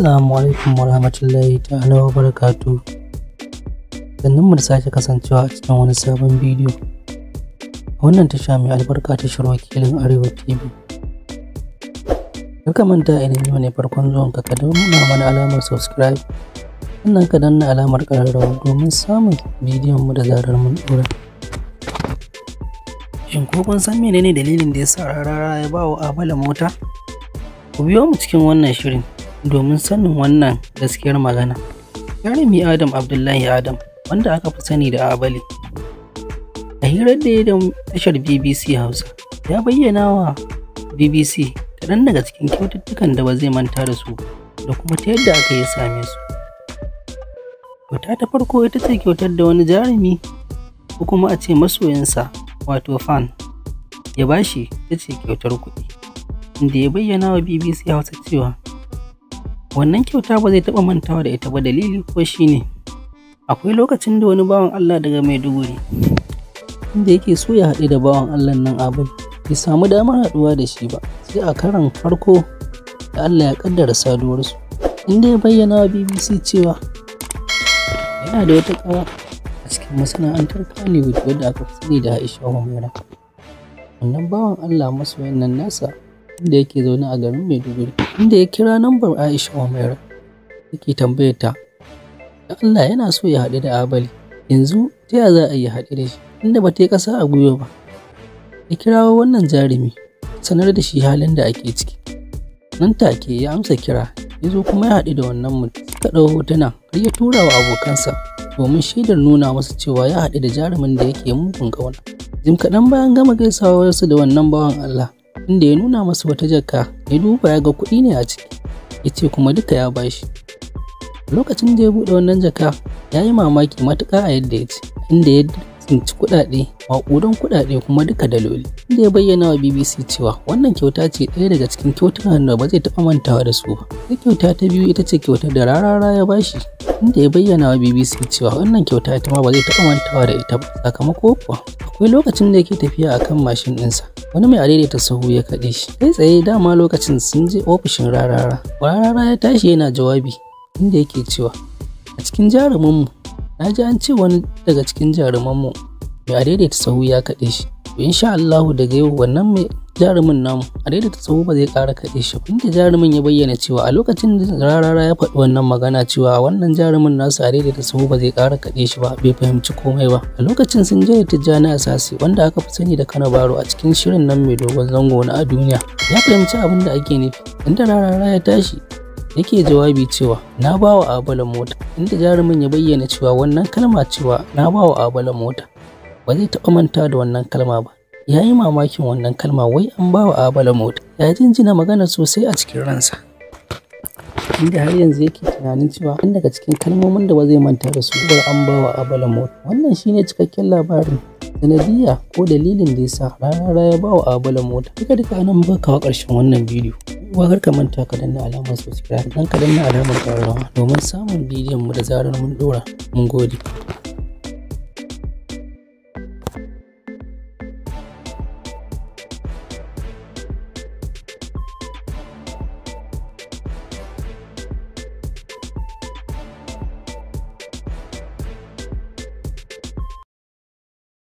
Assalamu alaikum warahmatullahi ta'ala wa barakatu. Sannan mu da sake kasancewa a cikin wani sabon bidiyo. Wannan wannan tasha mai albarka ta shirin wakilin Arewa TV. Kar ka manta idan yau ne farkon zuwan ka ka nuna mana alamar subscribe. Sannan ka danna alamar ƙararrawa domin samun bidiyon mu da zarar mun dora. Shin ko kun san menene dalilin da ya sa rarara ya ba wa Abala mota? Ku biyo mu cikin wannan shirin. domin sanin wannan gaskiyar magana. Jarumi Adam Abdullahi Adam wanda aka fi sani da Abale. A hirar da ya da tashar BBC Hausa ya bayyana wa BBC kaɗan daga cikin kyaututtukan da ba zai manta da su da kuma ta yadda aka yi same su. Kyauta ta farko ita ce kyautar da wani jarumi ko kuma a ce masoyinsa wato fan ya bashi ta ce kyautar kuɗi inda ya bayyana wa BBC Hausa cewa wannan kyauta ba zai taɓa mantawa da ita ba dalili ko shi ne. akwai lokacin da wani bawan Allah daga Maiduguri inda yake so ya haɗu da bawan Allah nan abin bai samu damar haɗuwa da shi ba sai a karan farko da Allah ya kaddara saduwarsu inda ya bayyana wa BBC cewa yana da wata ƙawa a cikin masana'antar Hollywood wadda aka fi sani da Aisha Humaira wannan bawan Allah masoyan nan nasa da yake zaune a garin Maiduguri inda ya kira lambar Aisha Umaira yake tambayar ta Allah yana so ya haɗu da Abali yanzu ta ya za a yi haɗu da shi inda ba ta yi ƙasa a gwiwa ba ya kirawo wannan jarumi sanar da shi halin da ake ciki nan take ya amsa kira ya kuma ya haɗu da wannan mutum ka ɗau hotuna har ya tura wa abokansa domin shaidar nuna masa cewa ya haɗu da jarumin da yake mugun ƙauna jim kaɗan bayan gama gaisawa wasu da wannan bawan Allah inda ya nuna masa wata jaka ya duba ya ga kuɗi ne a ciki ya ce kuma duka ya bashi lokacin da ya buɗe wannan jaka ya yi mamaki matuƙa a yadda ya ce inda ya tsinci kuɗaɗe maƙudan kuɗaɗe kuma duka daloli inda ya bayyana wa bbc cewa wannan kyauta ce ɗaya daga cikin kyautukan da ba zai taɓa mantawa da su ba sai kyauta ta biyu ita ce kyautar da rarara ya bashi inda ya bayyana wa bbc cewa wannan kyauta ita ma ba zai taɓa mantawa da ita ba sakamako kuwa akwai lokacin da yake tafiya akan mashin ɗinsa wani mai ta sahu ya kaɗe shi kai tsaye dama lokacin sun je ofishin rarara rarara ya tashi yana jawabi inda yake cewa a cikin jaruminmu na ji an ce wani daga cikin jarumanmu mai a daidaita sahu ya kaɗe shi to insha Allahu daga yau wannan mai jarumin namu a daidaita sahu ba zai ƙara kaɗe shi inda jarumin ya bayyana cewa a lokacin da rarara ya faɗi wannan magana cewa wannan jarumin nasu a daidaita sahu ba zai ƙara kaɗe shi ba bai fahimci komai ba a lokacin sun je Tijjani Asasi wanda aka fi sani da Kano Baro a cikin shirin nan mai dogon zango na a duniya ya fahimci abin da ake nufi inda rarara ya tashi yake jawabi cewa na ba wa abalan mota inda jarumin ya bayyana cewa wannan kalma cewa na ba wa abalan mota ba zai taɓa manta da wannan kalma ba ya yi mamakin wannan kalma wai an ba wa abalan mota ya jinjina magana sosai a cikin ransa inda har yanzu yake tunanin cewa an daga cikin kalmomin da ba zai manta da su ba an ba wa abalan mota wannan shine cikakken labarin sanadiyya ko dalilin da ya sa rana ya ba wa abalan mota duka duka nan baka kawo ƙarshen wannan bidiyo uwa kar ka manta ka danna alamar subscribe dan ka danna alamar ƙararrawa domin samun bidiyon mu da zarar mun dora mun gode